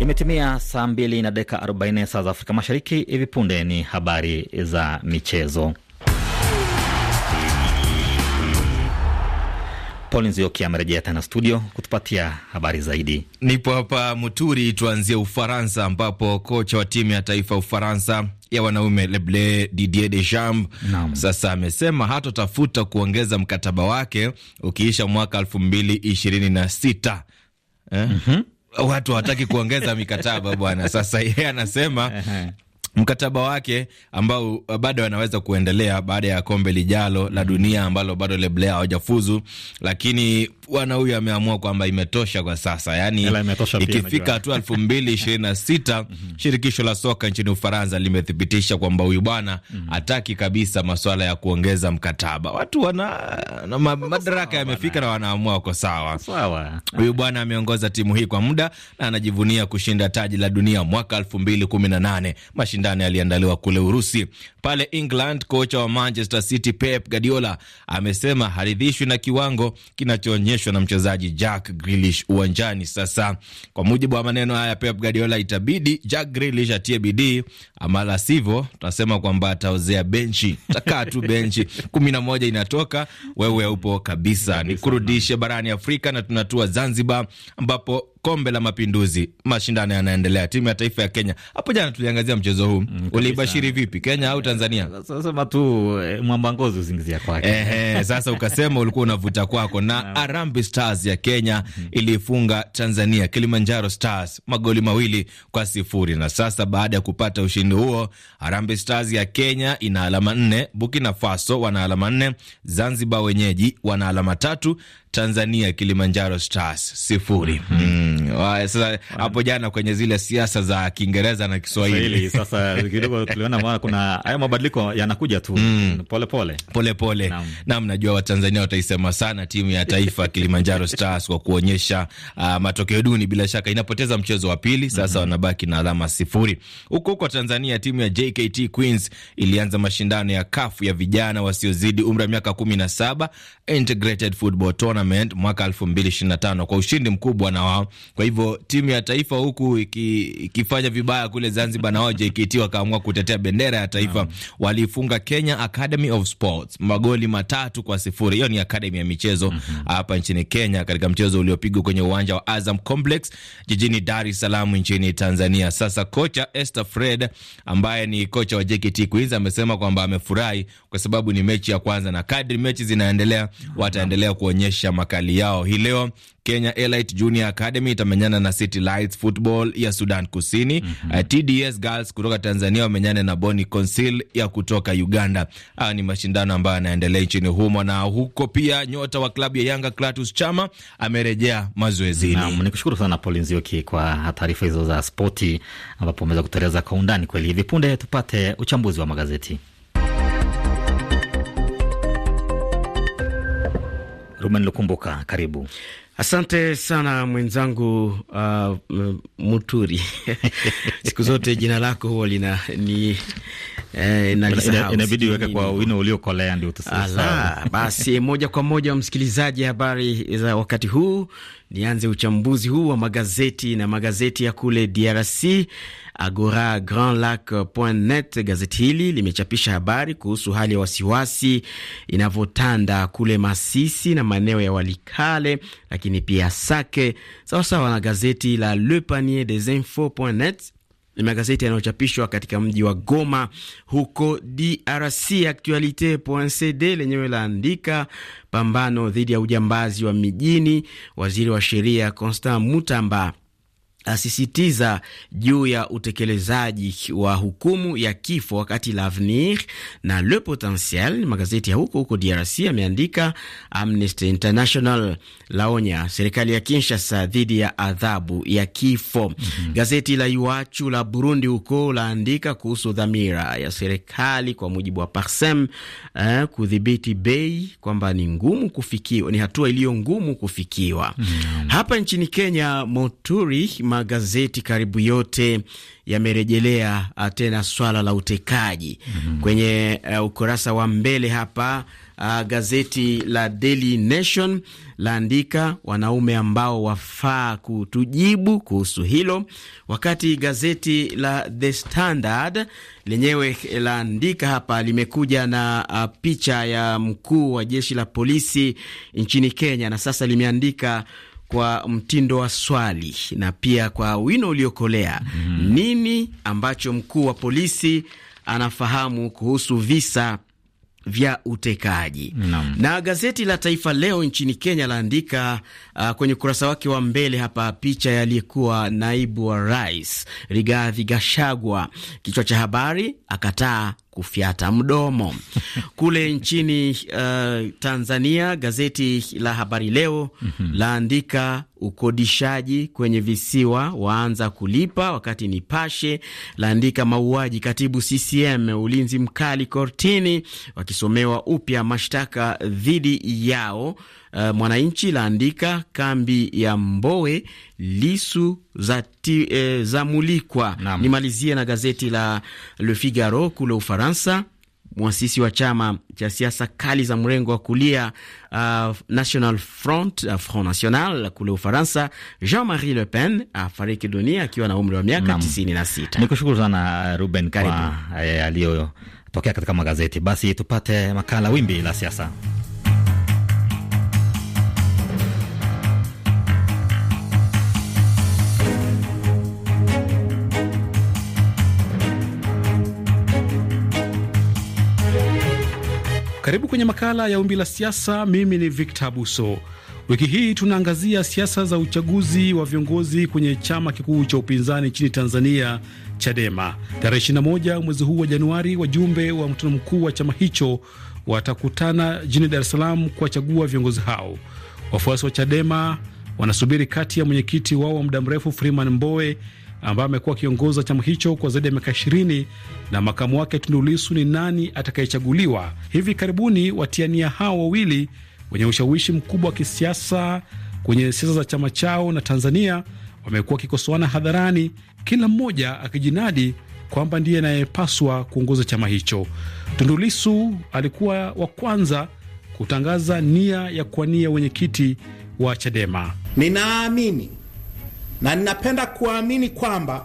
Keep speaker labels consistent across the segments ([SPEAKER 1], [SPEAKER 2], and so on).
[SPEAKER 1] Imetimia saa mbili na dakika 40 saa za Afrika Mashariki. Hivi punde ni habari za michezo. Paul Nzioki amerejea tena studio kutupatia habari zaidi. Nipo
[SPEAKER 2] hapa Muturi, tuanzie Ufaransa ambapo kocha wa timu ya taifa ya Ufaransa ya wanaume Leble Didier Deschamps sasa amesema hatotafuta kuongeza mkataba wake ukiisha mwaka elfu mbili ishirini na sita eh? mm -hmm watu hawataki kuongeza mikataba bwana. Sasa yeye anasema mkataba wake ambao uh, bado anaweza kuendelea baada ya kombe lijalo la dunia ambalo bado Leblea hawajafuzu, lakini bwana huyu ameamua kwamba imetosha kwa sasa, yani ikifika hatua elfu mbili ishirini na sita mhm. shirikisho la soka nchini Ufaransa limethibitisha kwamba huyu bwana mhm. hataki kabisa maswala ya kuongeza mkataba. Watu wana na ma, madaraka yamefika na wanaamua wako sawa. Huyu bwana ameongoza timu hii kwa muda na anajivunia kushinda taji la dunia mwaka elfu mbili kumi na nane. Mashindano yaliandaliwa kule Urusi. Pale England, kocha wa Manchester City Pep Guardiola amesema haridhishwi na kiwango kinachoonyesha kurejeshwa na mchezaji Jack Grealish uwanjani. Sasa kwa mujibu wa maneno haya Pep Guardiola, itabidi Jack Grealish atie bidii, ama la sivyo tunasema kwamba ataozea benchi, takaa tu benchi. kumi na moja inatoka wewe upo kabisa. Nikurudishe barani Afrika na tunatua Zanzibar ambapo kombe la mapinduzi, mashindano yanaendelea, timu ya taifa ya Kenya. Hapo jana tuliangazia mchezo huu mm, uliibashiri vipi Kenya au Tanzania? Eh, sema tu eh, mwamba ngozi usingizia kwake. sasa ukasema ulikuwa unavuta kwako na arambi Stars ya Kenya mhm. iliifunga Tanzania Kilimanjaro Stars magoli mawili kwa sifuri, na sasa baada ya kupata ushindi huo arambi Stars ya Kenya ina alama nne, bukina Faso wana alama nne, Zanzibar wenyeji wana alama tatu, Tanzania Kilimanjaro Stars sifuri. Mhm. mm Mm, sasa hapo jana kwenye zile siasa za Kiingereza na Kiswahili sasa kidogo tuliona kuna haya mabadiliko yanakuja tu mm, pole pole pole pole. najua Watanzania wataisema sana timu ya taifa Kilimanjaro Stars kwa kuonyesha uh, matokeo duni. Bila shaka inapoteza mchezo wa pili sasa, mm -hmm. wanabaki na alama sifuri. Huko huko Tanzania, timu ya JKT Queens ilianza mashindano ya kafu ya vijana wasiozidi umri wa miaka 17 Integrated Football Tournament mwaka 2025 kwa ushindi mkubwa na wao kwa hivyo timu ya taifa huku iki, ikifanya vibaya kule Zanzibar na JKT wakaamua kutetea bendera ya taifa yeah. Walifunga Kenya Academy of Sports magoli matatu kwa sifuri. Hiyo ni academy ya michezo mhm. hapa mm -hmm. nchini Kenya katika mchezo uliopigwa kwenye uwanja wa Azam Complex jijini Dar es Salaam nchini Tanzania. Sasa kocha Esther Fred ambaye ni kocha wa JKT Queens amesema kwamba amefurahi kwa sababu ni mechi ya kwanza, na kadri mechi zinaendelea wataendelea kuonyesha makali yao. Hii leo Kenya Elite Junior Academy itamenyana na City Lights Football ya Sudan Kusini. mm -hmm. Eh, TDS Girls kutoka Tanzania wamenyana na Boni Conceal ya kutoka Uganda. Haya ni mashindano ambayo yanaendelea nchini humo, na huko pia nyota wa klabu ya Yanga Clatous Chama
[SPEAKER 1] amerejea mazoezini. Nikushukuru sana Paul Nzioki kwa taarifa hizo za spoti, ambapo umeweza kuteleza kwa undani kweli. Hivi punde tupate uchambuzi wa magazeti. Rumen Lukumbuka, karibu.
[SPEAKER 3] Asante sana mwenzangu, uh, Muturi siku zote jina lako huwa lina ni
[SPEAKER 1] eh, inabidi uweke kwa wino uliokolea ndio Basi
[SPEAKER 3] moja kwa moja, msikilizaji, habari za wakati huu Nianze uchambuzi huu wa magazeti na magazeti ya kule DRC. Agora Grand Lac net, gazeti hili limechapisha habari kuhusu hali ya wasiwasi inavyotanda kule Masisi na maeneo ya Walikale, lakini pia Sake, sawasawa na gazeti la Le Panier des Infos net magazeti yanayochapishwa katika mji wa Goma huko DRC. Actualite.cd lenyewe laandika pambano dhidi ya ujambazi wa mijini, waziri wa sheria Constant Mutamba asisitiza juu ya utekelezaji wa hukumu ya kifo, wakati L'Avenir na Le Potentiel, magazeti ya huko huko DRC, ameandika Amnesty International laonya serikali ya Kinshasa dhidi ya adhabu ya kifo. mm -hmm. Gazeti la Iwachu la Burundi huko laandika kuhusu dhamira ya serikali kwa mujibu wa Parsem eh, kudhibiti bei kwamba ni ngumu kufikiwa, ni hatua iliyo ngumu kufikiwa. mm -hmm. Hapa nchini Kenya Moturi magazeti karibu yote yamerejelea uh, tena swala la utekaji mm -hmm. Kwenye uh, ukurasa wa mbele hapa uh, gazeti la Daily Nation laandika wanaume ambao wafaa kutujibu kuhusu hilo, wakati gazeti la The Standard lenyewe laandika hapa, limekuja na uh, picha ya mkuu wa jeshi la polisi nchini Kenya na sasa limeandika kwa mtindo wa swali na pia kwa wino uliokolea. mm -hmm. Nini ambacho mkuu wa polisi anafahamu kuhusu visa vya utekaji. No. Na gazeti la Taifa Leo nchini Kenya laandika uh, kwenye ukurasa wake wa mbele hapa picha ya aliyekuwa naibu wa rais Rigathi Gachagua, kichwa cha habari, akataa kufyata mdomo. Kule nchini uh, Tanzania, gazeti la Habari Leo mm -hmm. laandika ukodishaji kwenye visiwa waanza kulipa, wakati Nipashe laandika mauaji katibu CCM, ulinzi mkali kortini, wakisomewa upya mashtaka dhidi yao. Uh, Mwananchi laandika kambi ya Mbowe lisu za, ti, eh, za mulikwa. Nimalizie na gazeti la Le Figaro kule Ufaransa mwasisi wa chama cha siasa kali za mrengo wa kulia uh, National Front, uh, Front National kule Ufaransa. Jean-Marie Le Pen afariki
[SPEAKER 1] uh, dunia akiwa na umri wa miaka 96. kushukuru sana uh, Ruben kwa aliyotokea katika magazeti. Basi tupate makala wimbi la siasa.
[SPEAKER 4] Karibu kwenye makala ya Wimbi la Siasa. Mimi ni Victor Buso. Wiki hii tunaangazia siasa za uchaguzi wa viongozi kwenye chama kikuu cha upinzani nchini Tanzania, Chadema. Tarehe 21 mwezi huu wa Januari, wajumbe wa mkutano mkuu wa chama hicho watakutana jijini Dar es Salaam kuwachagua viongozi hao. Wafuasi wa Chadema wanasubiri kati ya mwenyekiti wao wa muda mrefu Freeman Mbowe ambaye amekuwa akiongoza chama hicho kwa zaidi ya miaka 20 na makamu wake Tundu Lissu ni nani atakayechaguliwa hivi karibuni. Watiania hao wawili wenye ushawishi mkubwa wa kisiasa kwenye siasa za chama chao na Tanzania wamekuwa wakikosoana hadharani, kila mmoja akijinadi kwamba ndiye anayepaswa kuongoza chama hicho. Tundu Lissu alikuwa wa kwanza kutangaza nia ya kuwania wenyekiti wa Chadema. Ninaamini na ninapenda
[SPEAKER 5] kuamini kwamba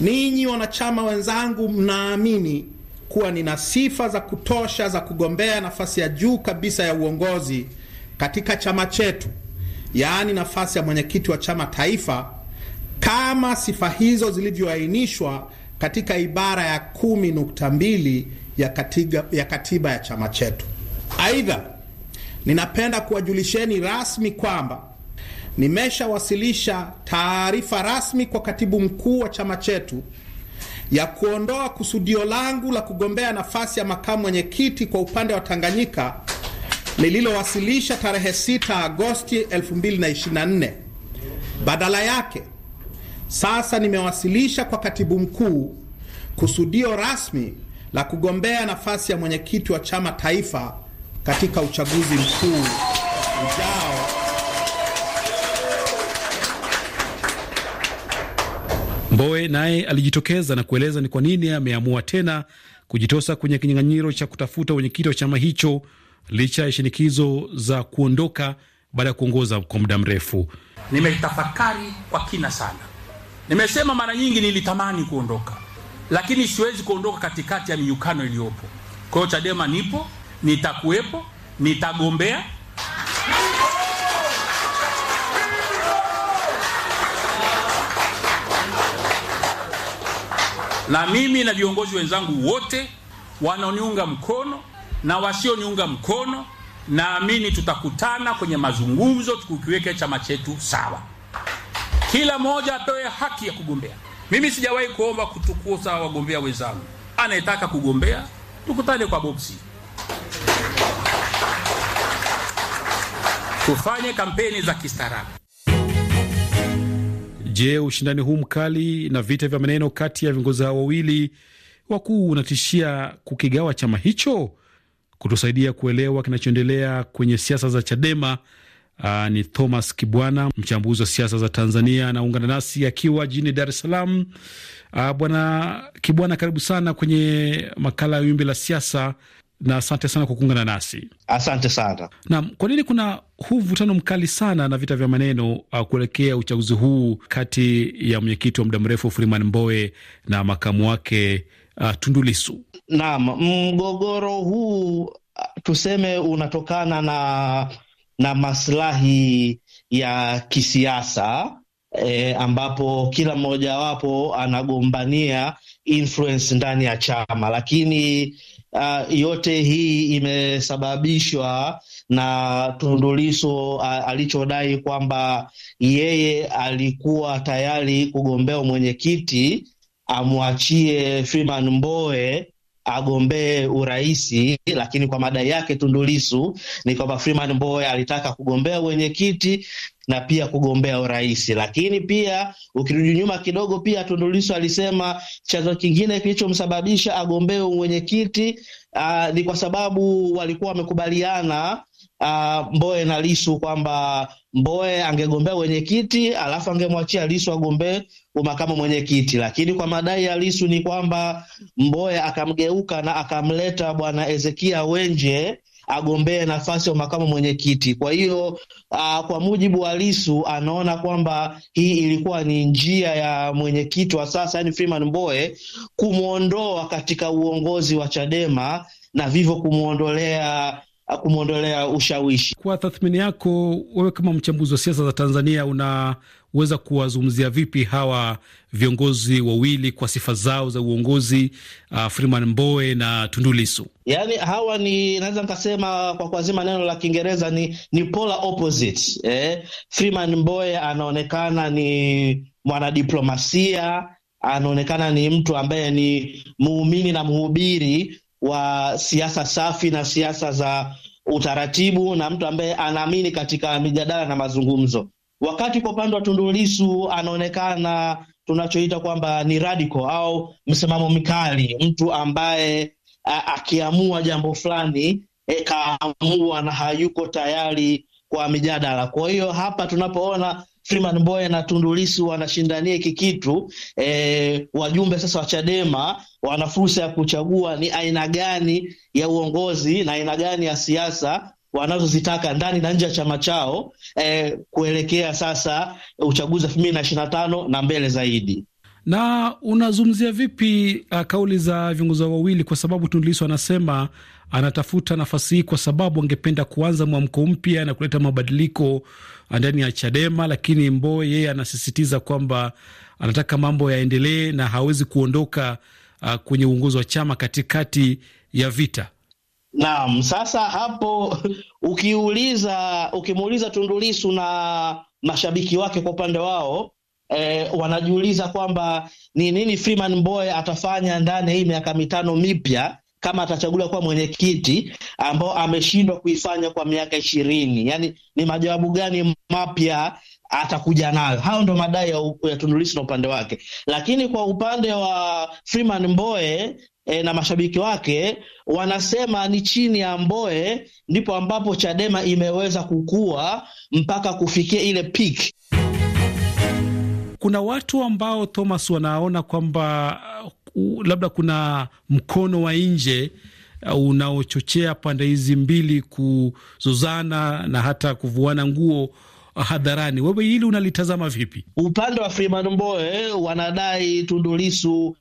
[SPEAKER 5] ninyi wanachama wenzangu mnaamini kuwa nina sifa za kutosha za kugombea nafasi ya juu kabisa ya uongozi katika chama chetu, yaani nafasi ya mwenyekiti wa chama taifa, kama sifa hizo zilivyoainishwa katika ibara ya 12 ya ya katiba ya chama chetu. Aidha, ninapenda kuwajulisheni rasmi kwamba nimeshawasilisha taarifa rasmi kwa katibu mkuu wa chama chetu ya kuondoa kusudio langu la kugombea nafasi ya makamu mwenyekiti kwa upande wa Tanganyika nililowasilisha tarehe 6 Agosti 2024. Badala yake sasa nimewasilisha kwa katibu mkuu kusudio rasmi la kugombea nafasi ya mwenyekiti wa chama taifa katika uchaguzi mkuu ujao.
[SPEAKER 4] Mbowe naye alijitokeza na kueleza ni kwa nini ameamua tena kujitosa kwenye kinyang'anyiro cha kutafuta wenyekiti wa chama hicho licha ya shinikizo za kuondoka baada ya kuongoza kwa muda mrefu. Nimetafakari kwa kina sana, nimesema mara nyingi nilitamani kuondoka, lakini siwezi kuondoka katikati ya minyukano iliyopo. Kwa hiyo Chadema nipo, nitakuwepo, nitagombea na mimi na viongozi wenzangu wote wanaoniunga mkono na wasioniunga mkono, naamini tutakutana kwenye mazungumzo tukikiweka chama chetu sawa, kila mmoja apewe haki ya kugombea. Mimi sijawahi kuomba kutukusa wagombea wenzangu, anayetaka kugombea tukutane kwa boksi,
[SPEAKER 5] tufanye kampeni za kistaarabu.
[SPEAKER 4] Je, ushindani huu mkali na vita vya maneno kati ya viongozi hao wawili wakuu unatishia kukigawa chama hicho? Kutusaidia kuelewa kinachoendelea kwenye siasa za Chadema aa, ah, ni Thomas Kibwana, mchambuzi wa siasa za Tanzania, anaungana nasi akiwa jijini Dar es Salaam. Ah, Bwana Kibwana, karibu sana kwenye makala ya Wimbi la Siasa na asante sana kwa kuungana nasi.
[SPEAKER 6] Asante sana
[SPEAKER 4] nam. Kwa nini kuna huu mvutano mkali sana na vita vya maneno uh, kuelekea uchaguzi huu kati ya mwenyekiti wa muda mrefu Freeman Mbowe na makamu wake uh, Tundu Lissu?
[SPEAKER 6] Nam, mgogoro huu uh, tuseme unatokana na na maslahi ya kisiasa e, ambapo kila mmojawapo anagombania influence ndani ya chama, lakini uh, yote hii imesababishwa na Tundu Lissu uh, ah, alichodai kwamba yeye alikuwa tayari kugombea mwenyekiti, amwachie Freeman Mbowe agombee uraisi, lakini kwa madai yake Tundu Lissu ni kwamba Freeman Mbowe alitaka kugombea mwenyekiti na pia kugombea urais. Lakini pia ukirudi nyuma kidogo, pia Tundu Lissu alisema chanzo kingine kilichomsababisha agombee mwenyekiti uh, ni kwa sababu walikuwa wamekubaliana uh, ah, Mboe na lisu kwamba mboe angegombea wenyekiti alafu angemwachia lisu agombee umakamu mwenyekiti, lakini kwa madai ya lisu ni kwamba mboe akamgeuka na akamleta bwana Ezekia Wenje agombee nafasi ya makamu mwenyekiti. Kwa hiyo uh, kwa mujibu wa Lisu anaona kwamba hii ilikuwa ni njia ya mwenyekiti wa sasa, yani Freeman Mbowe, kumwondoa katika uongozi wa Chadema na vivyo kumwondolea kumwondolea ushawishi. Kwa tathmini yako wewe, kama mchambuzi
[SPEAKER 4] wa siasa za Tanzania, una huweza kuwazungumzia vipi hawa viongozi wawili kwa sifa zao za uongozi uh, Freeman Mbowe na Tundu Lissu?
[SPEAKER 6] Yaani, hawa ni naweza nikasema kwa kuazima neno la Kiingereza ni, ni polar opposite eh. Freeman Mbowe anaonekana ni mwanadiplomasia, anaonekana ni mtu ambaye ni muumini na mhubiri wa siasa safi na siasa za utaratibu na mtu ambaye anaamini katika mijadala na mazungumzo. Wakati kwa upande wa Tundu Lissu anaonekana tunachoita kwamba ni radical au msimamo mkali, mtu ambaye akiamua jambo fulani e, kaamua na hayuko tayari kwa mijadala. Kwa hiyo hapa tunapoona Freeman Mbowe na Tundu Lissu wanashindania hiki kitu e, wajumbe sasa wa Chadema wana fursa ya kuchagua ni aina gani ya uongozi na aina gani ya siasa wanazozitaka ndani na nje ya chama chao eh, kuelekea sasa uchaguzi elfu mbili na ishirini na tano na mbele zaidi.
[SPEAKER 4] Na unazungumzia vipi uh, kauli za viongozi wawili, kwa sababu Tundu Lissu anasema anatafuta nafasi hii kwa sababu angependa kuanza mwamko mpya na kuleta mabadiliko uh, ndani ya Chadema, lakini Mbowe yeye anasisitiza kwamba anataka mambo yaendelee na hawezi kuondoka uh, kwenye uongozi wa chama katikati ya vita.
[SPEAKER 6] Naam, sasa hapo ukiuliza ukimuuliza Tundulisu na mashabiki wake kwa upande wao eh, wanajiuliza kwamba ni nini Freeman Mbowe atafanya ndani ya hii miaka mitano mipya kama atachaguliwa kuwa mwenyekiti ambao ameshindwa kuifanya kwa miaka ishirini. Yani ni majawabu gani mapya atakuja nayo? Hayo ndo madai ya, ya Tundulisu na upande wake, lakini kwa upande wa Freeman Mbowe e, na mashabiki wake wanasema ni chini ya Mboe ndipo ambapo Chadema imeweza kukua mpaka kufikia ile peak. Kuna watu
[SPEAKER 4] ambao Thomas wanaona kwamba uh, labda kuna mkono wa nje uh, unaochochea pande hizi mbili kuzozana na hata
[SPEAKER 6] kuvuana nguo hadharani. Wewe hili unalitazama vipi? Upande wa Freeman Mbowe wanadai Tundulisu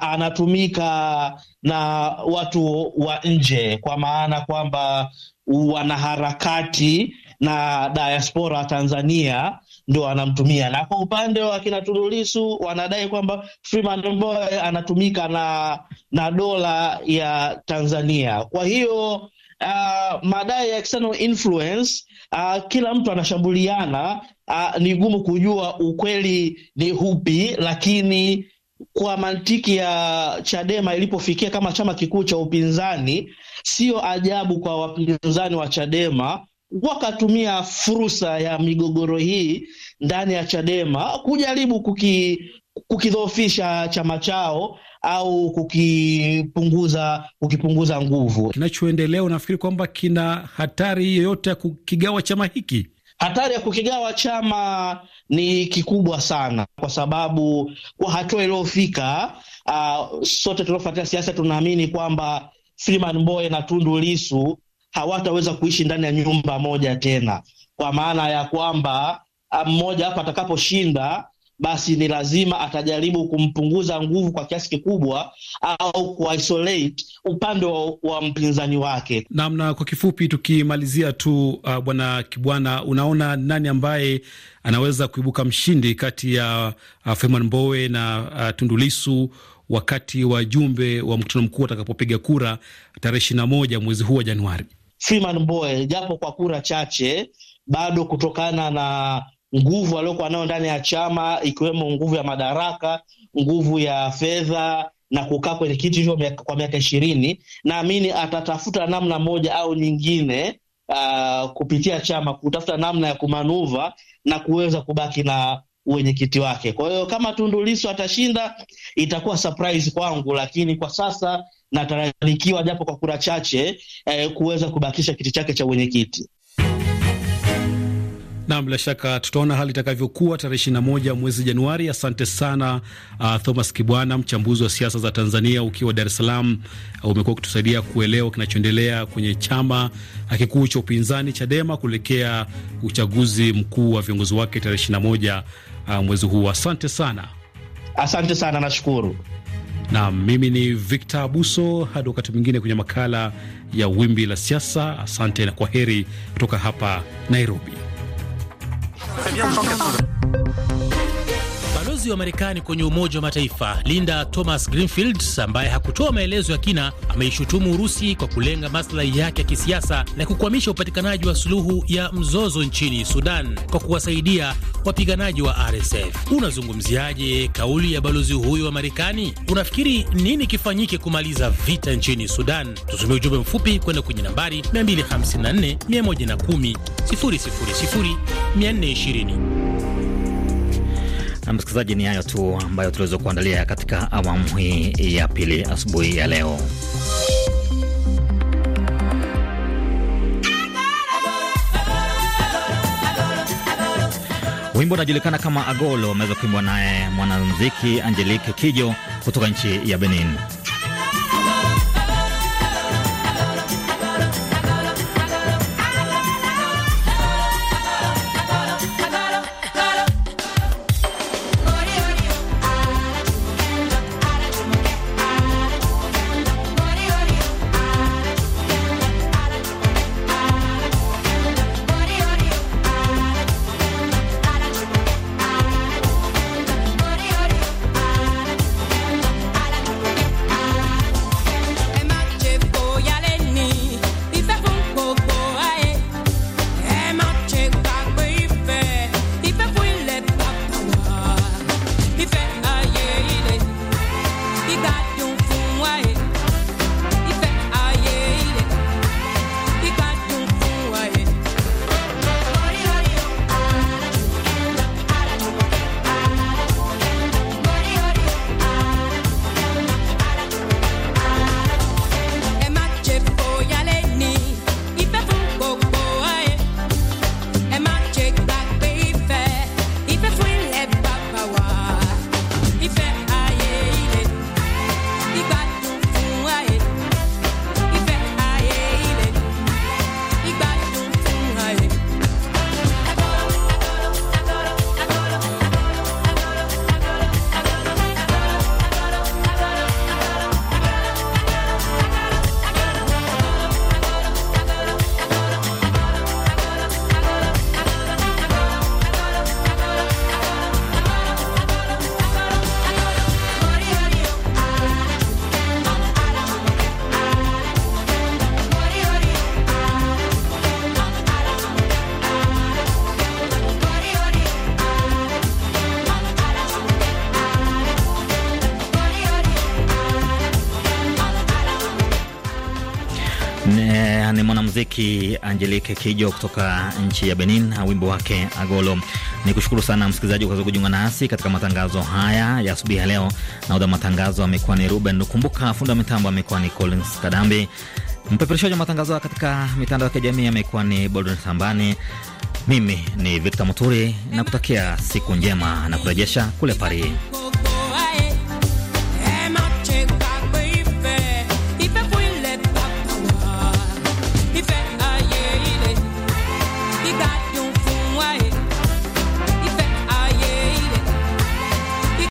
[SPEAKER 6] anatumika na watu wa nje, kwa maana kwamba wanaharakati na diaspora Tanzania ndio anamtumia na kwa upande wa kina Tundulisu wanadai kwamba Freeman Mbowe anatumika na na dola ya Tanzania. Kwa hiyo uh, madai ya external influence uh, kila mtu anashambuliana uh, ni gumu kujua ukweli ni hupi, lakini kwa mantiki ya Chadema ilipofikia kama chama kikuu cha upinzani, sio ajabu kwa wapinzani wa Chadema wakatumia fursa ya migogoro hii ndani ya Chadema kujaribu kuki, kukidhoofisha chama chao au kukipunguza kukipunguza nguvu.
[SPEAKER 4] Kinachoendelea unafikiri kwamba kina hatari yoyote ya kukigawa chama hiki?
[SPEAKER 6] Hatari ya kukigawa chama ni kikubwa sana, kwa sababu kwa hatua iliyofika, uh, sote tuliofuatia siasa tunaamini kwamba Freeman Mbowe na Tundu Lissu hawataweza kuishi ndani ya nyumba moja tena, kwa maana ya kwamba ah, mmoja hapa atakaposhinda basi ni lazima atajaribu kumpunguza nguvu kwa kiasi kikubwa au kuisolate upande wa, wa mpinzani wake
[SPEAKER 4] namna. Kwa kifupi tukimalizia tu uh, bwana Kibwana, unaona nani ambaye anaweza kuibuka mshindi kati ya uh, Freeman Mbowe na uh, Tundulisu wakati wajumbe wa mkutano mkuu watakapopiga kura tarehe ishirini na moja mwezi huu wa Januari?
[SPEAKER 6] Freeman Mbowe, japo kwa kura chache bado kutokana na nguvu aliyokuwa nayo ndani ya chama, ikiwemo nguvu ya madaraka, nguvu ya fedha na kukaa kwenye kiti hicho kwa miaka ishirini, naamini atatafuta namna moja au nyingine uh, kupitia chama kutafuta namna ya kumanuva na kuweza kubaki na uwenyekiti wake. Kwa hiyo kama Tundu Lissu atashinda itakuwa surprise kwangu, lakini kwa sasa natarajikiwa japo kwa kura chache eh, kuweza kubakisha kiti chake cha uwenyekiti.
[SPEAKER 4] Na bila shaka tutaona hali itakavyokuwa tarehe 21 mwezi Januari. Asante sana uh, Thomas Kibwana, mchambuzi wa siasa za Tanzania, ukiwa Dar es Salaam. Uh, umekuwa ukitusaidia kuelewa kinachoendelea kwenye chama uh, kikuu cha upinzani Chadema kuelekea uchaguzi mkuu wa viongozi wake tarehe 21 uh, mwezi huu. Asante sana, asante sana, nashukuru. Na mimi ni Victor Abuso, hadi wakati mwingine kwenye makala ya Wimbi la Siasa. Asante na kwa heri kutoka hapa Nairobi. 不
[SPEAKER 5] 要！Balozi wa Marekani kwenye Umoja wa Mataifa Linda Thomas Greenfield, ambaye hakutoa maelezo ya kina, ameishutumu Urusi kwa kulenga maslahi yake ya kisiasa na kukwamisha upatikanaji wa suluhu ya mzozo nchini Sudan kwa kuwasaidia wapiganaji wa RSF. Unazungumziaje kauli ya balozi huyo wa Marekani? Unafikiri nini kifanyike kumaliza vita nchini Sudan? Tutumie ujumbe mfupi kwenda kwenye nambari 254 110 000 420.
[SPEAKER 1] Na msikilizaji, ni hayo tu ambayo tuliweza kuandalia katika awamu hii ya pili asubuhi ya leo. Wimbo unajulikana kama Agolo ameweza kuimbwa naye mwanamuziki Angelique Kijo kutoka nchi ya Benin. mwanamuziki Angelique Kijo kutoka nchi ya Benin na wimbo wake Agolo. Ni kushukuru sana msikilizaji kwa kujiunga nasi katika matangazo haya ya asubuhi ya leo. Nahodha matangazo amekuwa ni Ruben Kumbuka, funda wa mitambo amekuwa ni Collins Kadambi, mpepereshaji wa matangazo katika mitandao ya kijamii amekuwa ni Bolden Sambani. Mimi ni Victor Muturi na kutakia siku njema na kurejesha kule Paris.